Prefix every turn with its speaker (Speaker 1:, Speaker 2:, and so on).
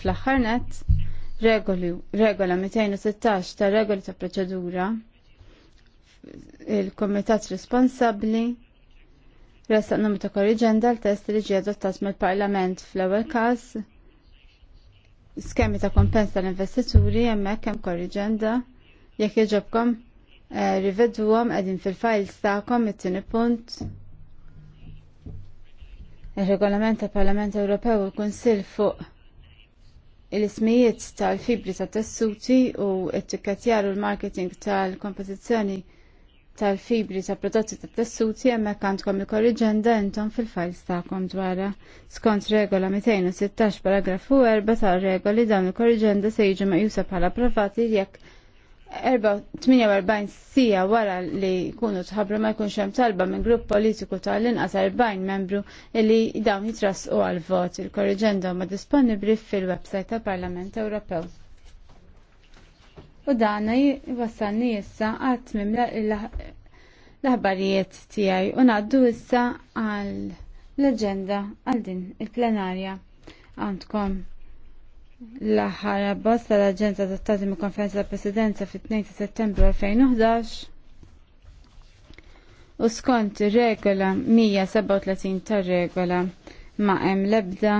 Speaker 1: Fl-aħħar nett, regola 216 ta' regoli ta' proċedura il-komitat responsabli restaq numru ta' korriġenda l-test li ġie adottat mill-Parlament fl-ewwel każ skemi ta' kompens tal-investituri hemmhekk hemm korriġenda jekk eh, rivedu għom qegħdin fil fajl stakom it-tieni punt ir-regolament tal-Parlament Ewropew u l-Kunsill fuq il ismijiet tal-fibri ta' tessuti u t-tikkatjar u l-marketing tal-kompetizzjoni tal-fibri ta' prodotti ta' tessuti hemmhekk għandkom il-korriġenda intom fil ta' tagħkom dwarha. Skont regola 216 paragrafu 4 tar regoli dawn il-korriġenda se jiġu meqjusa bħala provati jekk 48 sija wara li kunu tħabru ma jkunx hemm talba minn grupp politiku tal-inqas 40 membru li dawn jitrasqu għal vot il-korriġenda ma disponibbli fil-website tal-Parlament Ewropew. U dan jwassalni issa għat mimla l-aħbarijiet tiegħi u ngħaddu issa għal l għal din il-plenarja għandkom l-aħħar abbozz tal-Aġenza adottati mill konferenza tal presidenza fit-2 ta' Settembru 2011 u skont ir-regola 137 tar-regola ma' hemm l-ebda